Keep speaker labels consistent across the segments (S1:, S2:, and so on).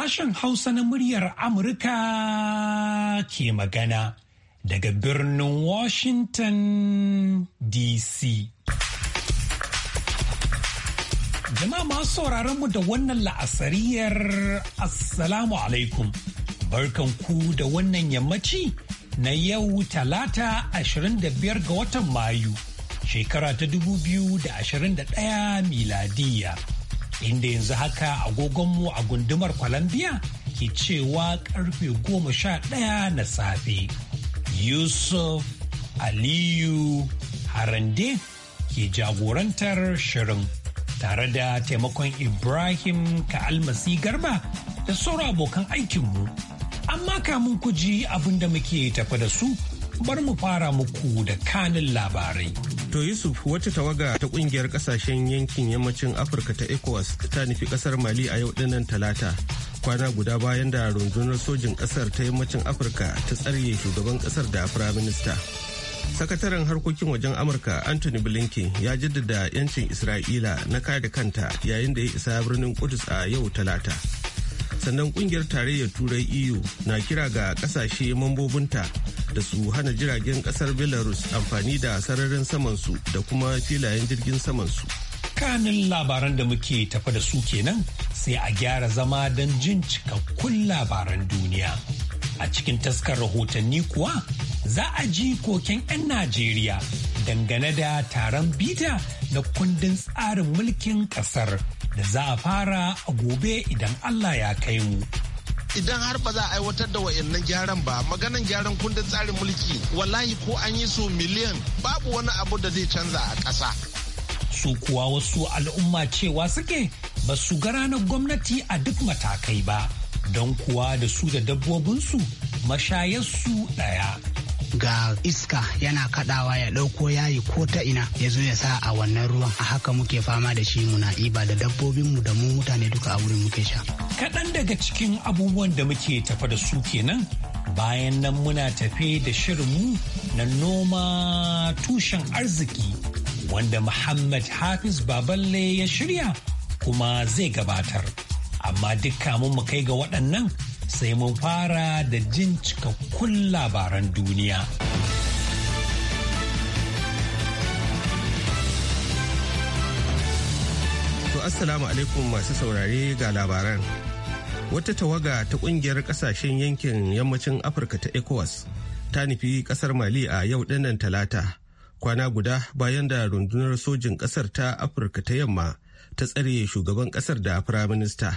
S1: Sashen Hausa na muryar Amurka ke magana daga birnin Washington DC. Jama'a masu sauraron mu da wannan la'asariyar Assalamu alaikum. Barkanku da wannan yammaci na yau talata 25 ga watan Mayu, shekara ta 2021 miladiya. inda yanzu haka agogonmu a gundumar kwalambiya ke cewa karfe goma sha ɗaya na safe. Yusuf Aliyu Harande ke jagorantar shirin tare da taimakon Ibrahim ka almasi Garba da sauran abokan aikinmu. Amma kamun ku ji abin muke tafi da su bar mu fara muku da kanin labarai. To Yusuf wata tawaga ta kungiyar
S2: kasashen yankin yammacin Afirka ta ECOWAS ta nufi kasar Mali a yau dinnan talata. Kwana guda bayan da rundunar sojin kasar ta yammacin Afirka ta tsare shugaban kasar da firaminista. Sakataren harkokin wajen Amurka Anthony Blinken ya jaddada 'yancin Isra'ila na kada kanta yayin da ya isa birnin Kudus a yau talata. sannan kungiyar tarayyar turai eu na kira ga kasashe mambobinta da su hana jiragen kasar belarus amfani da sararin samansu da kuma filayen jirgin samansu
S1: kanin labaran da muke tafa da su kenan sai a gyara zama don jin cikakkun labaran duniya a cikin taskar rahotanni kuwa za a ji koken 'yan najeriya dangane da taron bita na kundin tsarin mulkin kasar da za a fara a gobe idan Allah ya kai
S3: mu. idan har ba za a aiwatar da wayannan gyaran ba maganan gyaran kundin tsarin mulki wallahi ko an yi su miliyan babu wani abu da zai canza a ƙasa.
S1: su kuwa wasu al'umma cewa suke ba su ga ranar gwamnati a duk matakai ba don kuwa da su da dabbobinsu mashayarsu ɗaya
S4: ga iska yana kadawa ya dauko yayi ko ta ina ya zo ya sa a wannan ruwan a haka muke fama da shi muna iba da dabbobinmu da mu mutane duka a wurin muke sha
S1: kaɗan daga cikin abubuwan da muke tafa da su kenan bayan nan muna tafe da shirin mu na noma tushen arziki wanda Muhammad Hafiz Baballe ya shirya kuma zai gabatar. Amma duk mu kai ga waɗannan sai mun fara da jin cikakkun labaran duniya.
S2: to Assalamu alaikum masu saurare ga labaran. Wata tawaga ta kungiyar kasashen yankin yammacin Afirka ta ECOWAS ta nufi kasar Mali a yau dinnan talata kwana guda bayan da rundunar sojin kasar ta Afirka ta yamma ta tsare shugaban kasar da firaminista.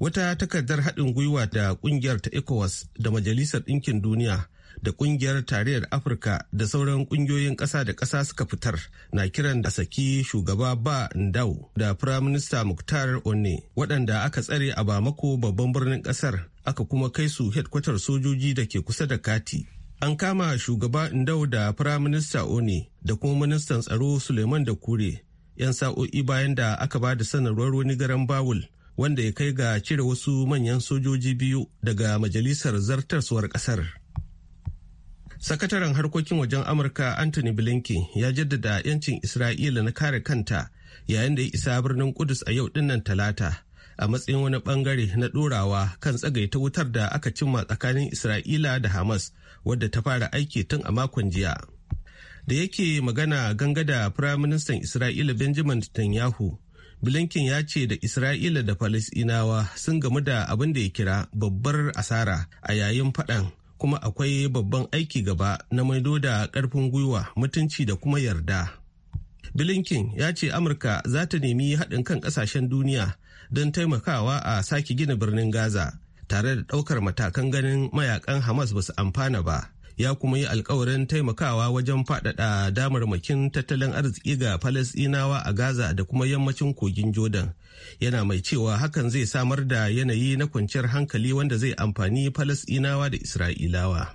S2: wata takardar haɗin gwiwa da ƙungiyar ta ecowas da majalisar ɗinkin duniya da ƙungiyar tarayyar afirka da sauran ƙungiyoyin ƙasa da ƙasa suka fitar na kiran da saki shugaba ba ndau da firaminista muktar onne waɗanda aka tsare a bamako babban birnin ƙasar aka kuma kai su hedkwatar sojoji da ke kusa da kati an kama shugaba ndau da firaminista one da kuma ministan tsaro suleiman da kure 'yan sa'o'i bayan da aka ba da sanarwar wani garan bawul wanda ya kai ga cire wasu manyan sojoji biyu daga majalisar zartarsuwar kasar. Sakataren harkokin wajen Amurka Anthony Blinken ya jaddada 'yancin Isra'ila na kare kanta yayin da ya isa birnin Kudus a yau dinnan talata a matsayin wani bangare na ɗorawa kan ta wutar da aka cimma tsakanin Isra'ila da Hamas wadda ta fara aiki tun a makon jiya. Da yake magana ganga da Firaministan Isra'ila Benjamin Netanyahu blinken ya ce da isra'ila da Falasɗinawa sun gamu da abin da ya kira babbar asara a yayin faɗan kuma akwai babban aiki gaba na maido da karfin gwiwa mutunci da kuma yarda blinken ya ce amurka za ta nemi haɗin kan ƙasashen duniya don taimakawa a sake gina birnin gaza tare da ɗaukar matakan ganin mayakan hamas ba su amfana ba ya kuma yi alkawarin taimakawa wajen faɗaɗa damarmakin tattalin arziki ga falasɗinawa a gaza da kuma yammacin kogin jordan yana mai cewa hakan zai samar da yanayi na kwanciyar hankali wanda zai amfani falasɗinawa da isra'ilawa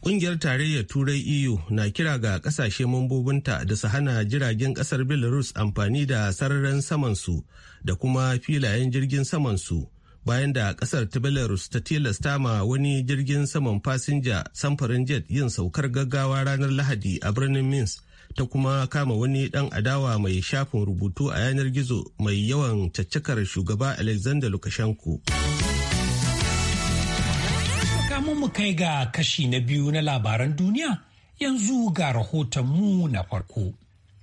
S2: Ƙungiyar tarayyar Turai EU na kira ga ƙasashe mambobinta da su hana jiragen ƙasar Belarus amfani da sararin samansu da kuma filayen jirgin samansu bayan da kasar ta belarus ta tilasta ma wani jirgin saman fasinja samfurin jet yin saukar gaggawa ranar lahadi a birnin mins ta kuma kama wani dan adawa mai shafin rubutu a yanar gizo mai yawan caccakar shugaba alexander lukashenko
S1: mu kai ga kashi na biyu na labaran duniya yanzu ga rahoton mu na farko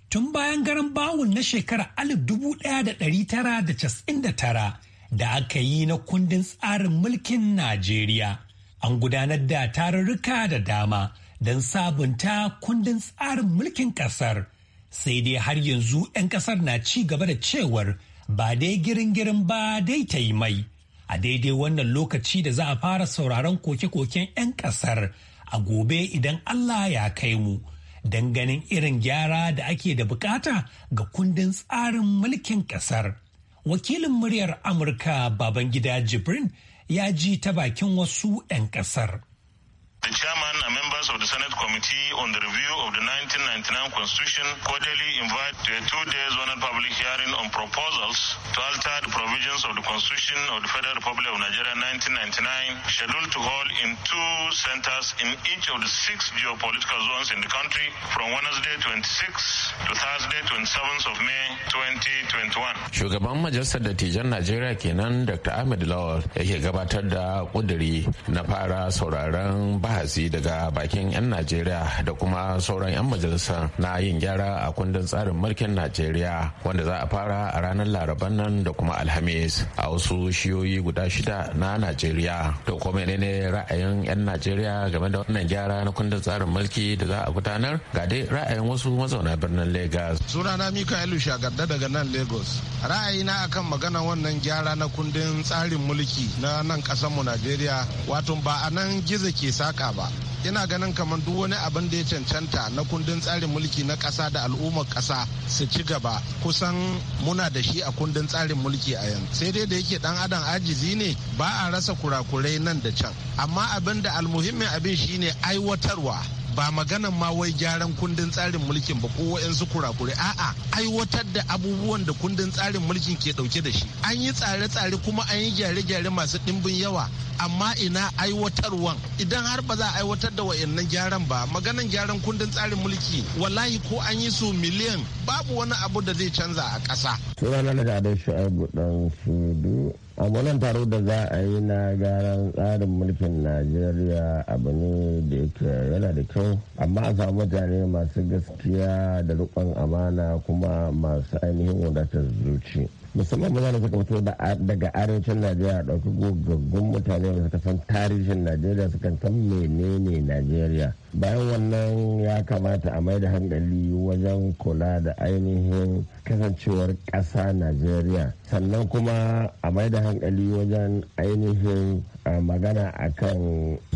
S1: tun bayan garin bawul na shekarar 1999 da aka yi na kundin tsarin mulkin Najeriya. An gudanar da tarurruka da dama don sabunta kundin tsarin mulkin ƙasar. Sai dai har yanzu 'yan ƙasar na ci gaba da cewar ba dai girin-girin ba dai ta yi mai. A daidai wannan lokaci da za a fara sauraron koke-koken 'yan ƙasar a gobe idan Allah ya kai mu. ganin irin gyara da ake da bukata ga kundin tsarin mulkin ƙasar. wakilin muryar amurka babangida jibrin ya ji ta bakin wasu 'yan kasar
S3: the chairman and members of the Senate Committee on the review of the 1999 Constitution cordially invite to a two days honored public hearing on proposals to alter the provisions of the Constitution of the Federal Republic of Nigeria 1999, scheduled to hold in two centers in each of the six geopolitical zones in the country from Wednesday 26 to Thursday 27th
S5: of May
S6: 2021. Shugaban Majalisar Dattijan Najeriya kenan Dr. Ahmed Lawal yake gabatar da kudiri na fara sauraron ba bahasi daga bakin 'yan najeriya da kuma sauran 'yan majalisar na yin gyara a kundin tsarin mulkin najeriya wanda za a fara a ranar laraban nan da kuma alhamis a wasu shiyoyi guda shida na najeriya to ko menene ra'ayin 'yan najeriya game da wannan gyara na kundin tsarin mulki da za a gudanar ga dai ra'ayin wasu mazauna birnin lagos sunana
S3: mikaelu shagarda daga nan lagos ra'ayina kan magana wannan gyara na kundin tsarin mulki na nan mu najeriya wato ba a nan gizo ke saka ba ina ganin kamar duk wani abin da ya cancanta na kundin tsarin mulki na ƙasa da al'ummar ƙasa su ci gaba kusan muna da shi a kundin tsarin mulki a yanzu sai dai da yake dan adam ajizi ne ba a rasa kurakurai nan da can amma abin da almuhimmin abin shine aiwatarwa ba maganan ma wai gyaran kundin tsarin mulkin ba ko wa'yansu kurakure a'a aiwatar da abubuwan da kundin tsarin mulkin ke dauke da shi an yi tsare-tsare kuma an yi gyare-gyare masu dimbin yawa amma ina aiwatarwan idan har ba za a aiwatar da wayannan gyaran ba maganan gyaran kundin tsarin mulki wallahi ko an yi su miliyan babu wani abu da zai canza a ƙasa.
S7: Sunana da Adai Shu'aibu ɗan abu nan taro da za a yi na gyaran tsarin mulkin najeriya abu ne da yake yana da kyau amma a samu mutane masu gaskiya da rikon amana kuma masu ainihin wadatar zuci musamman maza da suka fito daga arewacin najeriya ɗauki gogaggun mutane da suka san tarihin najeriya sukan san menene najeriya bayan wannan ya kamata a mai da hankali wajen kula da ainihin kasancewar ƙasa najeriya sannan kuma a mai da hankali wajen ainihin magana a kan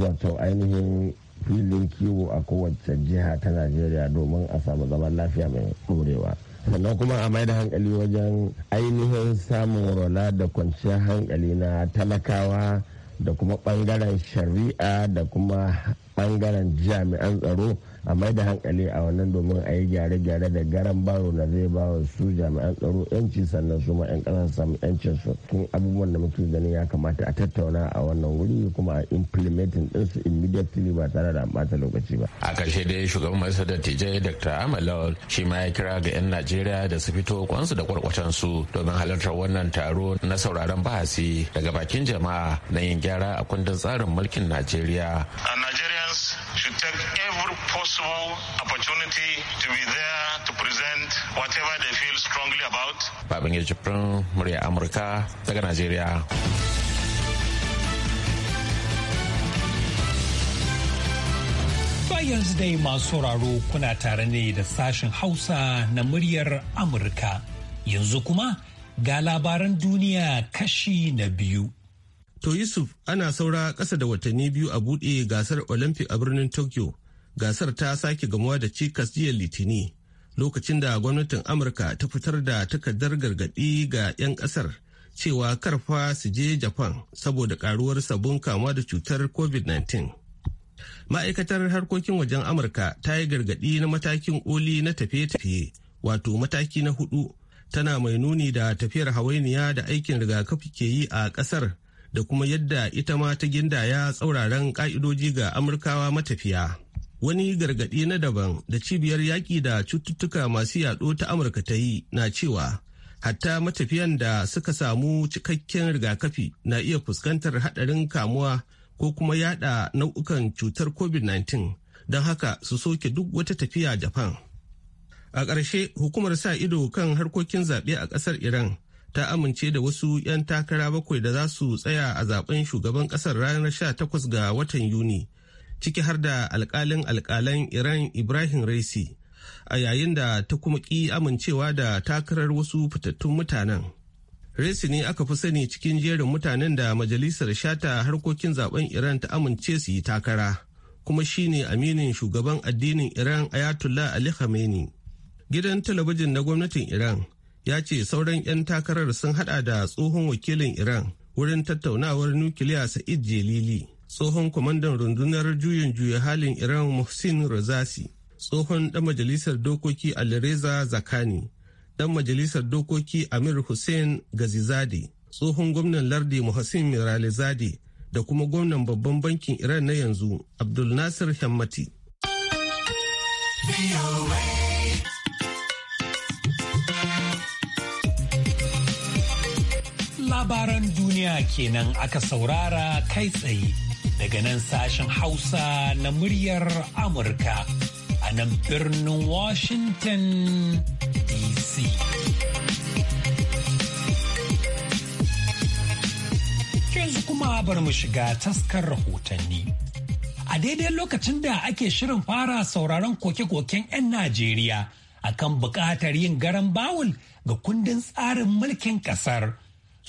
S7: wato ainihin filin kiwo a kowace jiha ta najeriya domin a samu zaman lafiya mai ɗorewa sannan kuma a maida hankali wajen ainihin samun rola da kwanciyar hankali na talakawa da kuma bangaren shari'a da kuma bangaren jami'an tsaro a mai da hankali a wannan domin a yi gyare-gyare da garan baro na zai ba wa su jami'an tsaro yanci sannan su ma 'yan kasa samu yancin su kun abubuwan da muke gani ya kamata a tattauna a wannan wuri kuma a implementing ɗinsu immediately ba tare da ɓata
S6: lokaci ba. a karshe dai shugaban majalisar dattijai dr ahmad lawal shi ma ya kira ga 'yan najeriya da su fito kwansu da kwarkwatan su domin halartar wannan taro na sauraron bahasi daga bakin jama'a na yin gyara a kundin tsarin mulkin najeriya. a
S4: najeriya should take every possible
S3: opportunity to be there to present whatever they
S6: feel strongly about. Babangida Jibrin, murya Amurka daga Najeriya.
S1: yanzu dai masu sauraro kuna tare ne da sashen Hausa na muryar Amurka. Yanzu kuma ga labaran duniya kashi na biyu.
S2: To Yusuf ana saura ƙasa da watanni biyu a buɗe gasar Olympic a birnin Tokyo. Gasar ta sake gamuwa da cikas jiya Litini lokacin da gwamnatin Amurka ta fitar da takardar gargaɗi ga 'yan ƙasar cewa karfa su je Japan saboda karuwar sabon kamuwa da cutar COVID-19. Ma'aikatar harkokin wajen Amurka ta yi gargaɗi na matakin oli na tafiye-tafiye wato mataki na hudu tana mai nuni da tafiyar hawainiya da aikin rigakafi ke yi a ƙasar da kuma yadda ita ma ta gindaya tsauraran ka'idoji ga amurkawa matafiya wani gargadi na daban da cibiyar yaƙi da cututtuka masu yaɗo ta amurka ta yi na cewa hatta matafiyan da suka samu cikakken rigakafi na iya fuskantar haɗarin kamuwa ko kuma yaɗa nau'ukan cutar covid-19 don haka su soke duk wata tafiya japan a ƙarshe hukumar sa ido kan harkokin zaɓe a ƙasar iran ta amince da wasu 'yan takara bakwai da za su tsaya a zaben shugaban kasar ranar 18 ga watan yuni ciki har da alkalin alkalan iran ibrahim raisi a yayin da ta kuma ki amincewa da takarar wasu fitattun mutanen raisi ne aka fi sani cikin jerin mutanen da majalisar shata harkokin zaben iran ta amince su yi takara kuma shine aminin shugaban addinin iran ayatollah ali khamenei gidan talabijin na gwamnatin iran ya ce sauran 'yan takarar sun hada da tsohon wakilin iran wurin tattaunawar nukiliya sa'id jelili tsohon kwamandan rundunar juyin juya halin iran muhsin razasi tsohon dan majalisar dokoki alireza zakani dan majalisar dokoki amir hussein gazizade tsohon gwamnan lardi muhsin miralizade da kuma gwamnan babban bankin iran na yanzu Abdulnasir nasir hemmati.
S1: Labaran duniya kenan aka saurara kai tsaye daga nan sashen Hausa na muryar Amurka a nan birnin Washington DC. Yanzu kuma bar mu shiga taskar rahotanni. A daidai lokacin da ake shirin fara sauraron koke-koken 'yan Najeriya akan buƙatar yin garan bawul ga kundin tsarin mulkin ƙasar.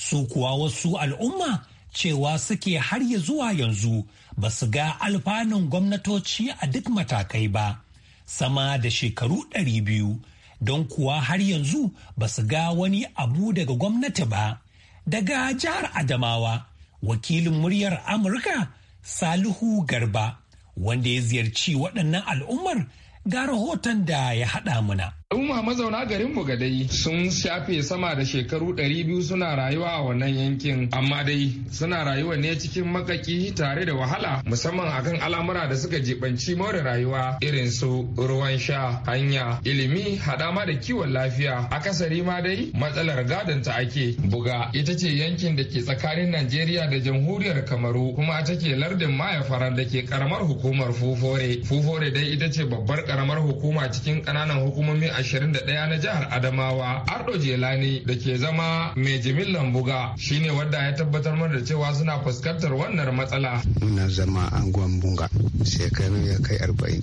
S1: su kuwa wasu al'umma cewa suke har ya zuwa yanzu ba su ga alfanun gwamnatoci a duk matakai ba sama da shekaru ɗari biyu don kuwa har yanzu ba su ga wani abu daga gwamnati ba daga jihar adamawa wakilin muryar amurka salihu garba wanda ya ziyarci waɗannan al'ummar ga rahoton da ya haɗa muna.
S8: Umma mazauna garin Bugadai sun shafe sama da shekaru 200 suna rayuwa a wannan yankin, amma dai suna rayuwa ne cikin makaki tare da wahala musamman akan al'amura da suka jibanci more rayuwa irin su ruwan sha, hanya, ilimi, hadama da kiwon lafiya. Akasari ma dai matsalar gadon ta ake. Buga ita ce yankin da ke tsakanin Najeriya da Jamhuriyar Kamaru kuma ta ke lardin faran da ke karamar hukumar Fufore. Fufore dai ita ce babbar karamar hukuma cikin ƙananan hukumomi a 21 na jihar Adamawa Ardo Jelani da ke zama mai jimillan buga shine wadda ya tabbatar mana da cewa suna fuskantar wannan matsala.
S5: Muna zama a anguwan bunga shekaru ya kai arba'in.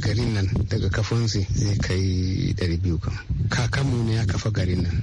S5: Garin nan daga kafin zai kai 200 kan. Kakanmu ne ya kafa garin nan.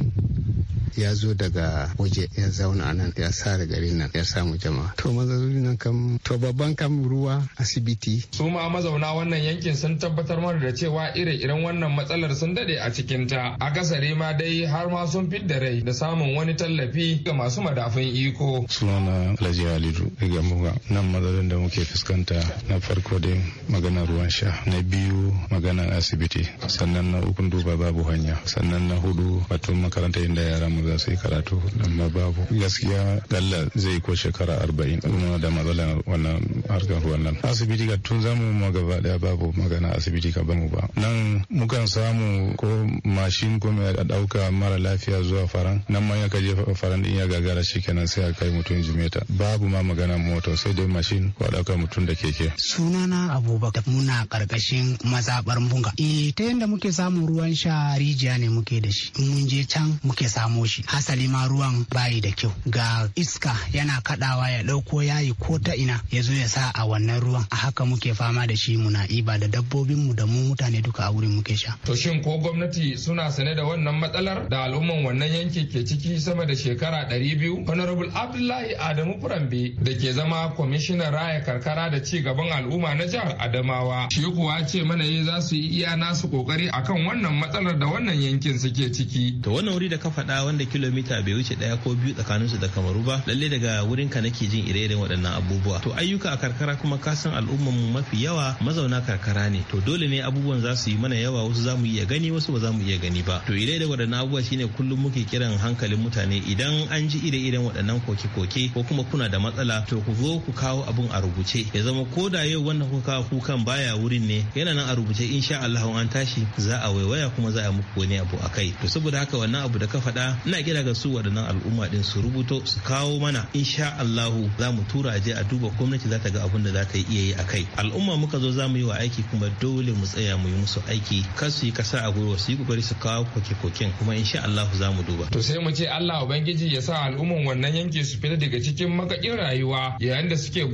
S5: ya zo daga waje ya zauna a nan ya da gari nan ya
S8: samu jama'a to mazaloli nan kam to babban kam ruwa asibiti su ma mazauna wannan yankin sun tabbatar mana da cewa ire-iren wannan matsalar sun dade a cikin ta a akasari ma dai har ma sun da rai da samun wani tallafi ga masu madafin iko sunana
S3: alhaji halidu daga muga nan matsalolin da muke fuskanta na farko dai maganar ruwan sha na biyu maganar asibiti sannan na uku duba babu hanya sannan na hudu batun makarantar inda yara mu mu za su yi karatu amma babu gaskiya galla zai ko shekara arba'in kuma da matsalar wannan harkar ruwan nan asibiti ga tun zamu mu gaba daya babu magana asibiti ka bamu ba nan mukan samu ko mashin ko mai a dauka mara lafiya zuwa faran nan ma ya je faran din ya gagara shikenan sai a kai mutum jimeta babu ma magana mota sai dai mashin ko a dauka mutum da keke
S4: sunana abubakar muna karkashin mazabar bunga eh ta yanda muke samun ruwan sha rijiya ne muke da shi mun je can muke samo shi hasali ma ruwan bayi da kyau ga iska yana kadawa ya dauko yayi ko ta ina ya zo ya sa a wannan ruwan a haka muke fama da shi muna iba da dabbobin mu da mu mutane duka a wurin muke sha
S8: to shin ko gwamnati suna sane da wannan matsalar da al'umman wannan yanki ke ciki sama da shekara 200 honorable abdullahi adamu furambe da ke zama kwamishinan raya karkara da ci gaban al'umma na jihar adamawa shi kuwa ce mana yi za su yi iya nasu kokari akan wannan matsalar da wannan yankin suke ciki
S9: to wannan wuri da ka faɗa wanda da kilomita bai wuce daya ko biyu tsakaninsu da kamaru ba lalle daga wurin ka nake jin ire-iren waɗannan abubuwa to ayyuka a karkara kuma ka san al'ummar mu mafi yawa mazauna karkara ne to dole ne abubuwan za su yi mana yawa wasu za mu iya gani wasu ba za mu iya gani ba to ire-iren waɗannan abubuwa shine kullum muke kiran hankalin mutane idan an ji ire-iren waɗannan koke-koke ko kuma kuna da matsala to ku zo ku kawo abun a rubuce ya zama ko da yau wannan kuka kukan baya wurin ne yana nan a rubuce insha Allah an tashi za a waiwaya kuma za a muku wani abu akai to saboda haka wannan abu da ka faɗa ina kira ga su waɗannan al'umma din su rubuto su kawo mana insha Allahu za mu tura je a duba gwamnati za ta ga abun da za ta iya yi a kai al'umma muka zo za mu yi wa aiki kuma dole mu tsaya mu yi musu aiki kar su yi kasa a gwiwa su yi kokari su kawo koke-koken kuma insha Allahu za mu duba to
S8: sai mu ce Allah ubangiji ya sa al'umman wannan yanki su fita daga cikin makakin rayuwa yayin da suke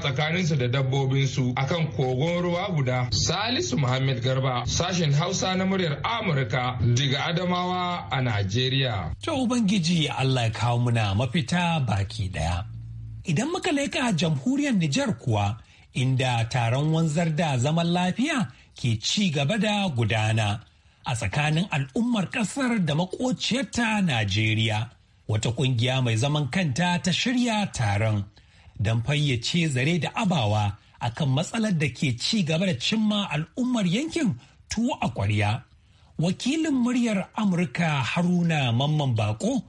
S8: tsakanin su da dabbobin su akan kogon ruwa guda Salisu Muhammad Garba sashen Hausa na muryar Amurka daga Adamawa
S1: a Najeriya To Ubangiji Allah ya kawo muna mafita baki ɗaya. Idan muka leƙa jamhuriyar Nijar kuwa inda taron wanzar da zaman lafiya ke ci gaba da gudana a tsakanin al'ummar ƙasar da makociyarta Najeriya. Wata ƙungiya mai zaman kanta ta shirya taron don fayyace zare da abawa akan matsalar da ke ci gaba da cimma al'ummar yankin tuwo a ƙwarya. wakilin muryar amurka haruna mamman bako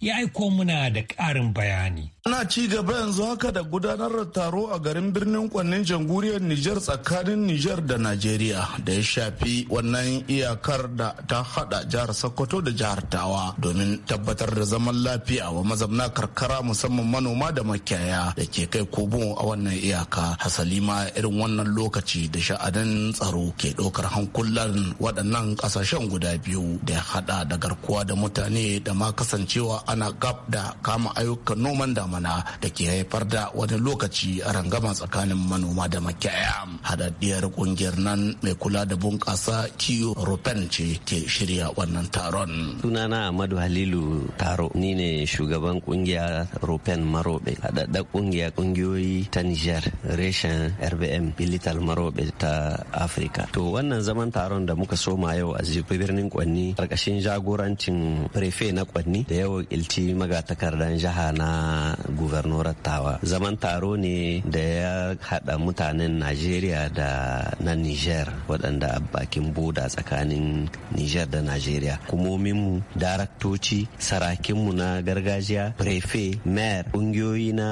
S1: ya aiko muna da ƙarin bayani Ana ci
S4: gaba yanzu haka da gudanar da taro a garin birnin kwannin jamhuriyar Nijar tsakanin Nijar da Najeriya da ya shafi wannan iyakar da ta hada jihar Sokoto da jihar Tawa domin tabbatar da zaman lafiya wa mazamna karkara musamman manoma da makiyaya da ke kai kobo a wannan iyaka. Hasali ma irin wannan lokaci da sha'anin tsaro ke ɗaukar hankulan waɗannan ƙasashen guda biyu da ya hada da garkuwa da mutane da ma kasancewa ana gab da kama ayyukan noman da zamana da ke haifar da wani lokaci rangama tsakanin manoma da makiyaya hadaddiyar kungiyar nan mai kula da bunƙasa kiyo rufen ce ke shirya wannan taron
S7: sunana amadu halilu taro ni ne shugaban kungiya rufen marobe haɗaɗɗa kungiya kungiyoyi ta niger reshen rbm bilital marobe ta afirka to wannan zaman taron da muka soma yau a birnin kwanni karkashin jagorancin prefe na kwanni da yau ilti magatakardan jiha na guvernorar tawa zaman taro ne da ya haɗa mutanen najeriya da na niger waɗanda a bakin boda tsakanin niger da najeriya kumominmu daraktoci sarakinmu na gargajiya prefe mayor ƙungiyoyi na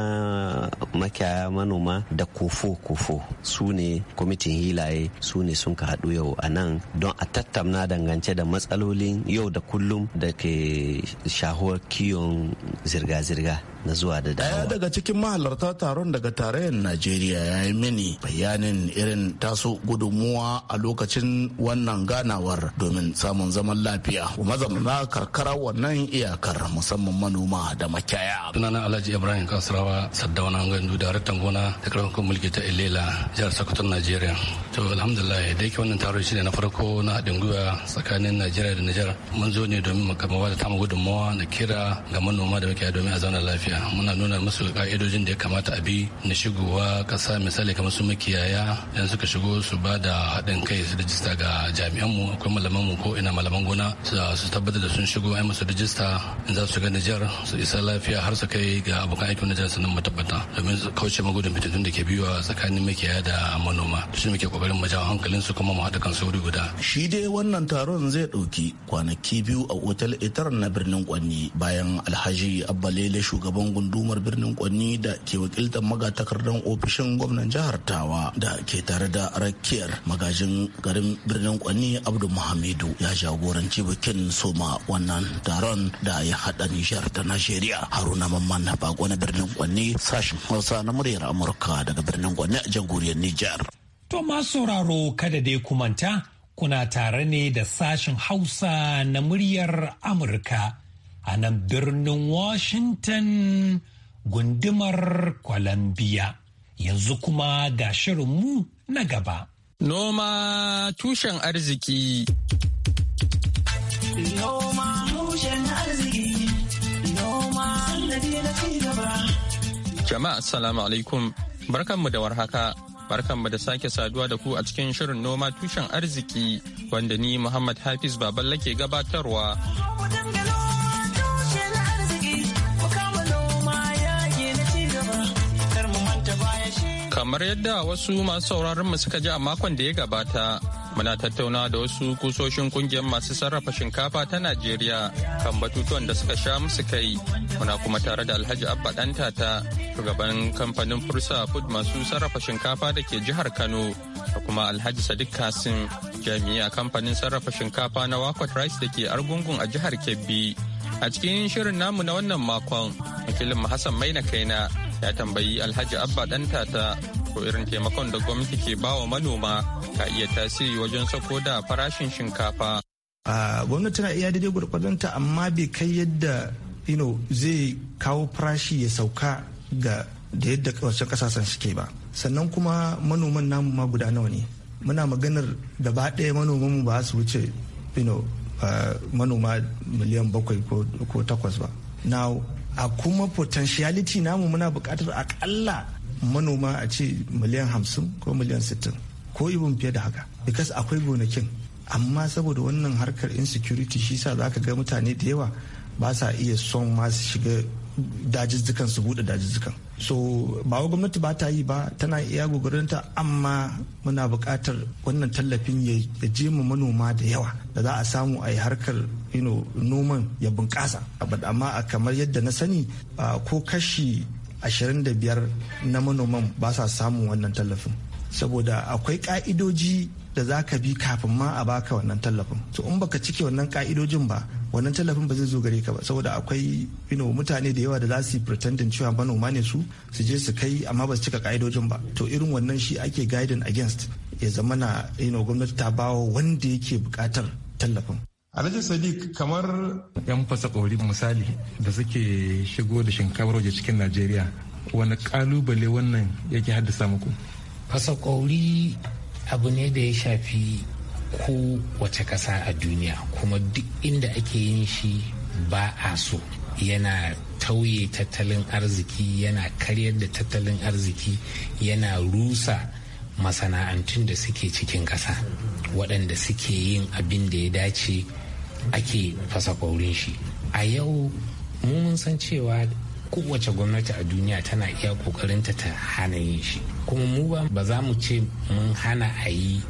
S7: makiyaya manoma da kofo kofo su ne kwamitin hilaye su ne sun ka haɗu yau a nan don a tattauna dangance da matsalolin yau da kullum da ke shahuwar kiyon zirga-zirga na zuwa da dawowa. Daya daga
S4: cikin mahalarta taron daga tarayyar Najeriya ya yi mini bayanin irin taso gudunmuwa a lokacin wannan ganawar domin samun zaman lafiya. Mazauna karkara wannan iyakar musamman manoma da makiyaya. Sunana Alhaji Ibrahim Kasarawa Saddauna Gandu daraktan gona da karfafin mulki ta Ilela jihar Sokoto Najeriya. To alhamdulillah da yake wannan taro shi ne na farko na haɗin gwiwa tsakanin Najeriya da Nijar mun zo ne domin mu kama da tamu gudunmuwa da kira ga manoma da makiyaya domin a zauna lafiya. lafiya muna nuna musu ka'idojin da ya kamata a bi na shigowa kasa misali kamar su makiyaya yan suka shigo su ba da haɗin kai su rijista ga jami'anmu akwai malaman mu ko ina malaman gona su tabbatar da sun shigo ai musu rijista in za su ga Nijar su isa lafiya har su kai ga abokan aikin Nijar su nan matabbata domin kauce magudun fitattun da ke biyuwa tsakanin makiyaya da manoma shi muke kokarin mu jawo hankalin su kuma mu haɗa kansu wuri guda. Shi dai wannan taron zai ɗauki kwanaki biyu a otal itar na birnin Kwanni bayan Alhaji Lele shugaban shugaban gundumar birnin Kwanni da ke wakiltar magatakardan ofishin gwamnan jihar Tawa da ke tare da rakiyar magajin garin birnin Kwanni Abdu Muhammadu ya jagoranci bikin soma wannan taron da ya hada Nijar ta Najeriya Haruna Mamman na bako na birnin Kwanni sashen Hausa na muryar Amurka daga birnin Kwanni a jamhuriyar Nijar.
S1: To masu sauraro kada dai kumanta kuna tare ne da sashen Hausa na muryar Amurka. a nan birnin Washington gundumar Columbia. Yanzu kuma ga shirinmu na gaba.
S10: Noma tushen arziki.
S7: Noma
S1: tushen arziki. Noma
S10: Jama'a salamu alaikum. Barkanmu da warhaka. Barkanmu da sake saduwa da ku a cikin shirin noma tushen arziki wanda ni Muhammad Hafiz Baballa ke gabatarwa. Kamar yadda wasu masu sauraron mu suka ji a makon da ya gabata, muna tattauna da wasu kusoshin kungiyar masu sarrafa shinkafa ta Najeriya kan batutuwan da suka sha musu kai. Muna kuma tare da Alhaji Abba Danta ta shugaban kamfanin Fursa Food masu sarrafa shinkafa da ke jihar Kano da kuma Alhaji Sadiq Kasim jami'a kamfanin sarrafa shinkafa na Wakot Rice da ke Argungun a jihar Kebbi. A cikin shirin namu na wannan makon, wakilin Hassan Maina kaina ya tambayi alhaji abba danta ta ko irin taimakon da gwamnati ke bawa manoma ka iya tasiri wajen sako da farashin shinkafa
S11: gwamnati na iya daidai gwargwadonta amma bai kai yadda zai kawo farashi ya sauka ga da yadda wancan kasashen suke ba sannan kuma manoman namu ma guda nawa ne muna maganar gaba ɗaya manomanmu ba su wuce manoma miliyan bakwai ko takwas ba now a kuma potentiality namu muna bukatar akalla manoma a ce miliyan hamsin ko miliyan sittin ko ibin fiye da haka because akwai gonakin amma saboda wannan harkar insecurity shi sa za ka ga mutane da yawa ba sa iya son ma su shiga dajizzukan su buɗe dajizzukan so ba wa gwamnati ba ta yi ba tana iya gogorinta amma muna buƙatar wannan tallafin ya je mu manoma da yawa da za a samu a yi harkar noman ya bunƙasa amma a kamar yadda na sani ko kashi 25 na manoman ba sa samun wannan tallafin saboda akwai ka'idoji da za ka bi kafin ma a baka wannan tallafin to in baka cike wannan ka'idojin ba wannan tallafin ba zai zo gare ka ba saboda akwai you mutane da yawa da za su pretendin cewa manoma ne su su je su kai amma ba su cika ka'idojin ba to irin wannan shi ake guidin against ya zama na you gwamnati ta bawa wanda yake bukatar tallafin Alhaji Sadiq kamar yan fasa kori misali da suke shigo da shinkafar waje cikin Najeriya
S5: wani kalubale wannan yake haddasa muku? Fasa kori abu ne da ya shafi kowace ƙasa a duniya kuma duk inda ake yin shi ba a so yana tauye tattalin arziki yana karyar da tattalin arziki yana rusa masana'antun da suke cikin ƙasa waɗanda suke yin abin da ya dace ake fasa kwaurin shi a yau mun san cewa kowace gwamnati a duniya tana iya ƙoƙarinta ta hana yin shi kuma mu ba za mu ce mun hana a yi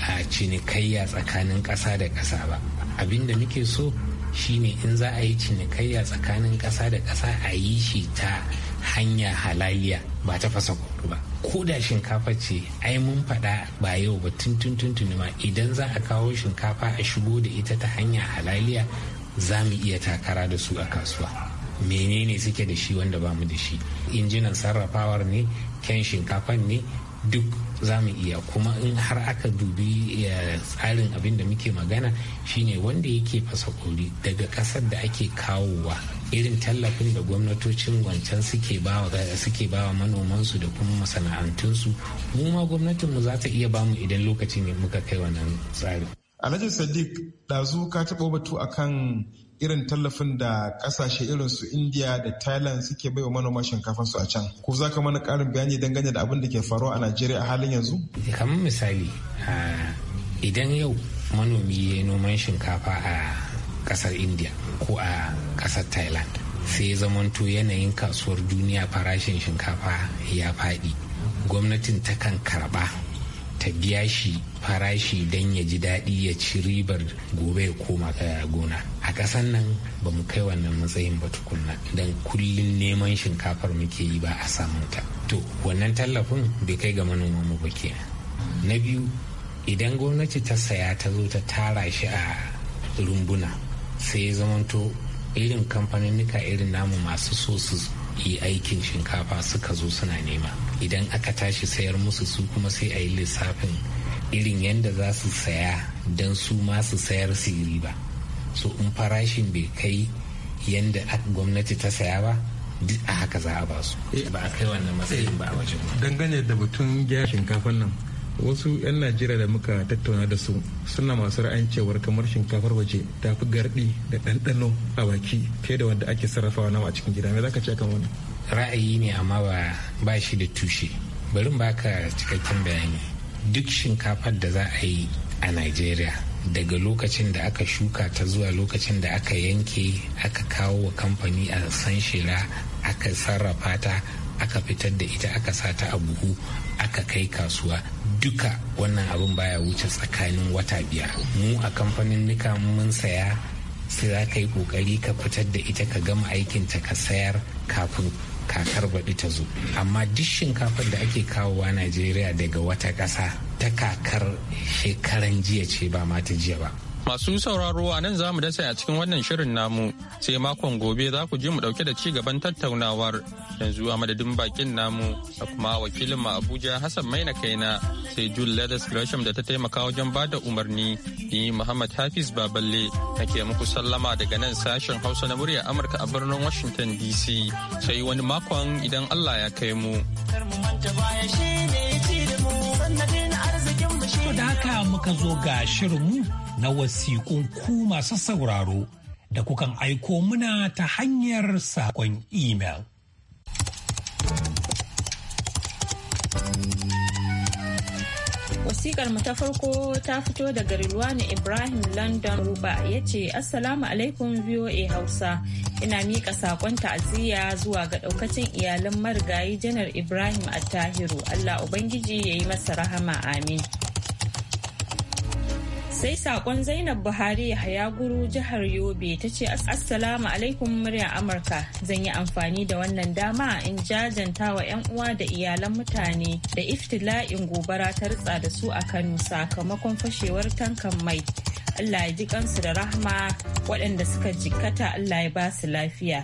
S5: a cinikayya tsakanin ƙasa da ƙasa ba abin da muke so shine in za a yi cinikayya tsakanin ƙasa da ƙasa a yi shi ta hanya halaliya ba ta fasa kudu ba ko da shinkafa ce ai mun faɗa ba yau ba tuntun tuntun ma idan za a kawo shinkafa a shigo da ita ta hanya halaliya za mu iya takara da su a kasuwa menene suke da shi wanda ba mu da shi injinan sarrafawar ne ken shinkafan ne duk za mu iya kuma in har aka dubi tsarin abin da muke magana shine wanda yake fasa kori daga kasar da ake kawowa irin tallafin da gwamnatocin wancan suke bawa suke bawa manomansu da kuma masana'antunsu mu ma gwamnatinmu za ta iya bamu idan lokacin ne muka kai wannan tsarin alhaji sadiq ɗazu ka taɓo batu akan
S3: irin tallafin da kasashe irin su india da thailand suke baiwa manoma shinkafa su a can ko
S5: za ka mana karin bayani dangane da abin da ke faruwa a najeriya a halin yanzu eh, kamar misali idan yau manomi ya noman shinkafa a kasar india ko a kasar thailand sai zamanto yanayin kasuwar duniya farashin shinkafa ya faɗi gwamnatin takan karɓa ka biya shi farashi don ya ji daɗi ya ci ribar gobe ya koma gona a ƙasan nan ba mu kai wannan matsayin ba tukunna don kullum neman shinkafar muke yi ba a samun ta to wannan tallafin bai kai ga manoman mu ba kenan na biyu idan gwamnati ta saya ta zo ta tara shi a rumbuna sai ya zamanto irin kamfanin irin namu masu so su yi aikin shinkafa suka zo suna nema idan aka tashi sayar musu su kuma sai a yi lissafin irin yadda za su saya don su masu sayar su yi riba so in farashin bai kai yadda gwamnati ta saya ba duk a haka za a ba su eh. ba a kai wannan matsayin ba a wajen
S11: dangane da batun gyara shinkafan nan wasu 'yan najeriya da muka tattauna da su suna masu ra'ayin cewar kamar shinkafar waje ta fi gardi da ɗanɗano
S5: a baki fiye da wanda ake sarrafawa nawa a cikin gida me zaka ce kan wani ra'ayi ne amma ba ba shi da tushe bari ka cikakken bayani duk shinkafar da za a yi a najeriya daga lokacin da aka shuka ta zuwa lokacin da aka yanke aka kawo wa kamfani a shira aka sarrafa ta aka fitar da ita aka sa ta a buhu aka kai kasuwa duka wannan abin baya wuce tsakanin wata biyar mu a kamfanin nika mun saya sai za ka yi kokari ka fitar da ita ka gama aikin ta ka sayar kafin kakar baɗi ta zo amma duk shinkafar da ake kawowa najeriya daga wata ƙasa ta kakar shekaran jiya ce ba ma ta jiya ba
S10: Masu sauraro a nan za mu dasa a cikin wannan shirin namu sai makon gobe za ku ji mu dauke da ci gaban tattaunawar yanzu a madadin bakin namu da kuma wakilin mu Abuja Hassan Maina Kaina sai Jul Leathers Gresham da ta taimaka wajen ba da umarni ni Muhammad Hafiz Baballe nake muku sallama daga nan sashen Hausa na murya Amurka a birnin Washington DC sai wani makon idan Allah ya kai
S1: mu.
S8: To haka muka zo ga
S1: shirinmu na wasiƙun ku masu sauraro da kukan aiko muna ta hanyar saƙon imel.
S12: wasiƙar mu ta farko ta fito daga Rilwani Ibrahim London Ruba ya ce Assalamu alaikum VOA Hausa ina miƙa saƙon ta'aziyya zuwa ga ɗaukacin iyalin marigayi janar Ibrahim Attahiru Allah Ubangiji ya yi masa rahama amin. sai sakon zainab buhari ya guru jihar yobe ta ce assalamu alaikum murya amurka zan yi amfani da wannan dama in jajanta wa 'yan uwa da iyalan mutane da iftila'in gobara ta ritsa da su a kano sakamakon fashewar tankan mai allah ya ji kansu da rahma waɗanda suka jikkata allah ya basu lafiya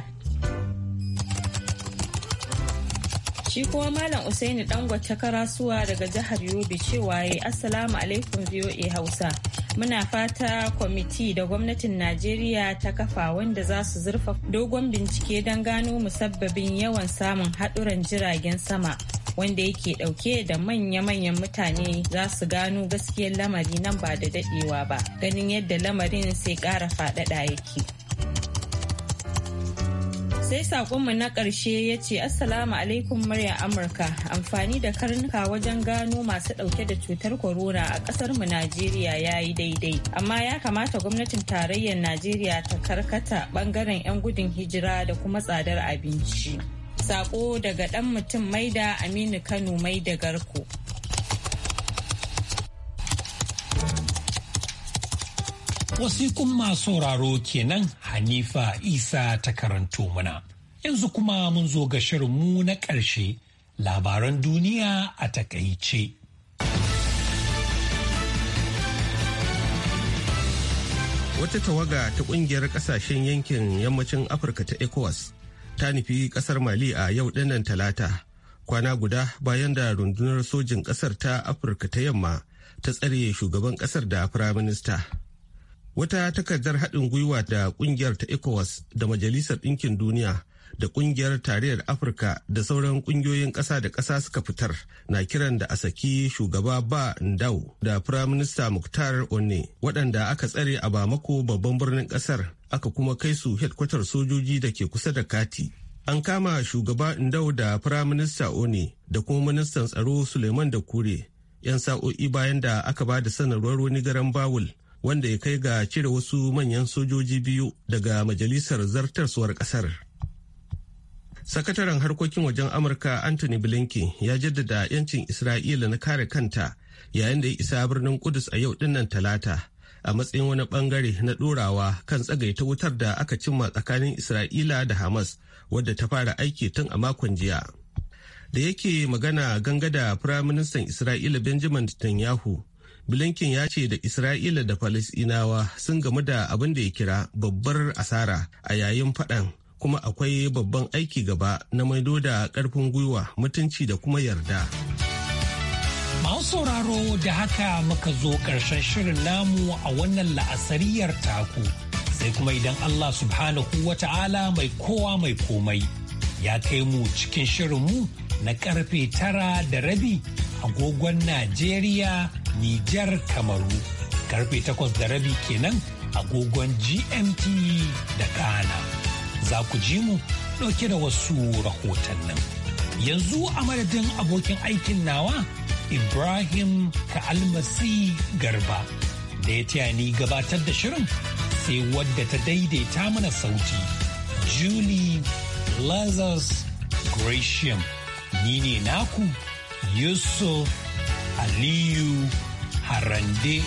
S12: shi kuma malam usaini ta karasuwa daga jihar yobe cewa ya assalamu alaikum voa hausa muna fata kwamiti da gwamnatin najeriya ta kafa wanda za su zurfa dogon bincike don gano musabbabin yawan samun haɗuran jiragen sama wanda yake ɗauke da manya-manyan mutane za su gano gaskiyar lamari nan ba da daɗewa ba ganin yadda lamarin sai ƙara faɗaɗa yake sai sakonmu na ƙarshe ya ce assalamu alaikum murya amurka amfani da karnuka wajen gano masu ɗauke da cutar korona a ƙasar mu najeriya ya yi daidai amma ya kamata gwamnatin tarayyar najeriya ta karkata ɓangaren 'yan gudun hijira da kuma tsadar abinci sako daga ɗan mutum maida aminu kano mai da garko
S1: Wasikun masu sauraro kenan Hanifa Isa ta karanto mana. Yanzu kuma mun zo ga shirinmu na ƙarshe labaran duniya a takaice.
S2: Wata tawaga ta ƙungiyar ƙasashen yankin yammacin Afirka ta ECOWAS ta nufi ƙasar Mali a yau ɗinnan talata kwana guda bayan da rundunar sojin ƙasar ta Afirka ta yamma ta tsare shugaban ƙasar da firaminista. wata takardar haɗin gwiwa da ƙungiyar ta ecowas da majalisar ɗinkin duniya da ƙungiyar tarayyar afirka da sauran ƙungiyoyin ƙasa da ƙasa suka fitar na kiran da a saki shugaba ba ndau da firaminista muktar onne waɗanda aka tsare a bamako babban birnin ƙasar aka kuma kai su hedkwatar sojoji da ke kusa da kati an kama shugaba ndau da firaminista one da kuma ministan tsaro suleiman da kure 'yan sa'o'i bayan da aka ba da sanarwar wani garan bawul wanda ya kai ga cire wasu manyan sojoji biyu daga majalisar zartarsuwar kasar. Sakataren harkokin wajen Amurka Anthony Blinken ya jaddada 'yancin Isra'ila na kare kanta yayin da ya isa birnin Kudus a yau dinnan talata a matsayin wani bangare na ɗorawa kan ta wutar da aka cimma tsakanin Isra'ila da Hamas wadda ta fara aiki tun a makon jiya. da yake magana ganga da firaministan isra'ila benjamin netanyahu blinken ya ce da isra'ila da falasinawa sun gamu da abin da ya kira babbar asara a yayin faɗan kuma akwai babban aiki gaba na maido da ƙarfin gwiwa
S1: mutunci da kuma yarda masu sauraro da haka muka zo ƙarshen shirin namu a wannan la'asariyar taku sai kuma idan allah subhanahu wa ta'ala mai kowa mai komai ya kai mu cikin shirin mu na karfe tara da rabi agogon najeriya Nijar Kamaru karfe takwas da rabi kenan agogon GMT da Ghana. Za ku ji mu ɗauke da wasu rahotannin. Yanzu a madadin abokin aikin nawa Ibrahim Ka'almasi Garba da ya taya ni gabatar da shirin sai wadda ta daidaita mana sauti. Julie Lazarus Gratiam. Ni ne naku Yusuf Aliyu Harande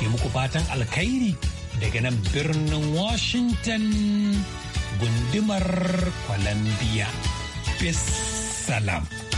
S1: ke muku fatan alkhairi daga nan birnin Washington gundumar Columbia. Peace salam.